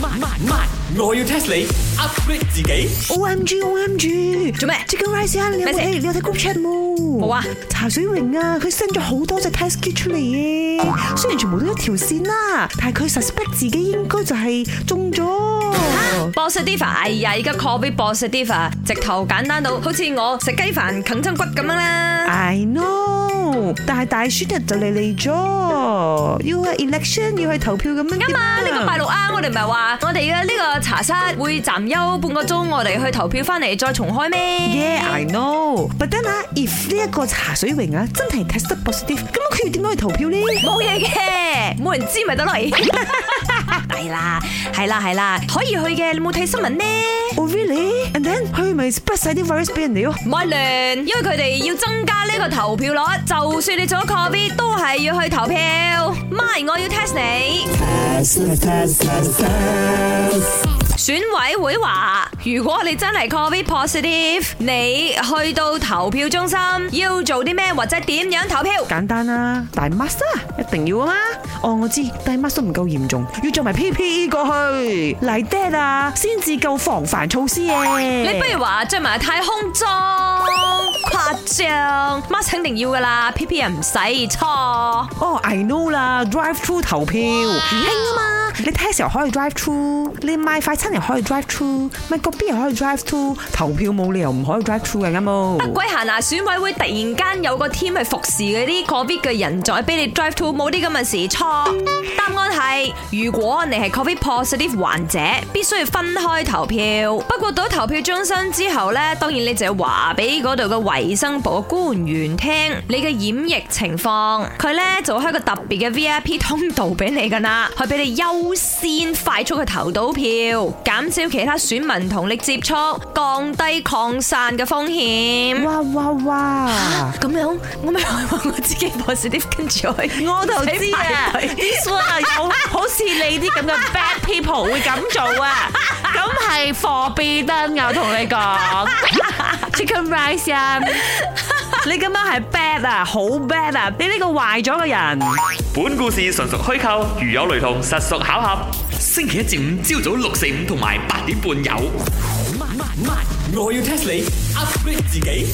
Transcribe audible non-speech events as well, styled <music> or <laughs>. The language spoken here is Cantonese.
慢慢，我要 test 你 upgrade 自己。O M G O M G，做咩？即刻 rise 啊！你有睇你有睇 group chat 冇？冇啊！茶水榮啊，佢 send 咗好多隻 test kit 出嚟嘅。雖然全部都一條線啦，但係佢 suspect 自己應該就係中咗。Bossy Diva，哎呀，而家 call 畀 Bossy Diva，直頭簡單到好似我食雞飯啃親骨咁樣啦。I know，但係大孫就嚟嚟咗。要去 election，要去投票咁啊嘛！呢個拜六啊，我哋唔係話我哋嘅呢個茶室會暫休半個鐘，我哋去投票翻嚟再重開咩？Yeah，I know。But then if 呢一個茶水榮啊，真係 test positive，咁佢要點樣去投票咧？冇嘢嘅，冇人知咪得咯。 <laughs> 係啦，係啦，係啦，可以去嘅。你冇睇新聞呢？o h really? And then 佢咪不使啲 v i r 病毒俾人？My 咯。唔好亂，因為佢哋要增加呢個投票率。就算你做咗 Covid，都係要去投票。My，我要 test 你。選委會話，如果你真係 Covid positive，你去到投票中心要做啲咩或者點樣投票？簡單啦，戴 mask，啊、一定要啊嘛。哦，我知道，戴 mask 不唔夠嚴重，要做埋 P P E 過去。嚟爹啊，先至夠防範措施嘅、啊。你不如話着埋太空裝，誇張。mask 肯定要噶啦，P P 人唔使錯。哦、啊 oh，I know 啦，Drive through 投票，輕啊嘛。你 Tesla 可以 drive through，你買快餐，又可以 drive through，美國邊又可以 drive through，投票冇理由唔可以 drive through 嘅。啱？嗯、冇，鬼閒啊，選委會突然間有個 team 去服侍嗰啲個別嘅人在俾你 drive through，冇啲咁嘅事。錯。錯係，如果你係 Covid positive 患者，必須要分開投票。不過到咗投票中心之後咧，當然你就要話俾嗰度嘅衛生部嘅官員聽你嘅染疫情況。佢咧就會開個特別嘅 VIP 通道俾你噶啦，去俾你優先快速去投到票，減少其他選民同你接觸，降低擴散嘅風險。哇哇哇！咁樣我咪話我自己 positive 跟住我投咗啊。似你啲咁嘅 bad people 會咁做啊？咁係貨幣燈啊！同你講，surprise 啊！你咁樣係 bad 啊，好 bad 啊！你呢個壞咗嘅人。本故事純屬虛構，如有雷同，實屬巧合。星期一至五朝早六四五同埋八點半有。我要 test 你，upgrade 自己。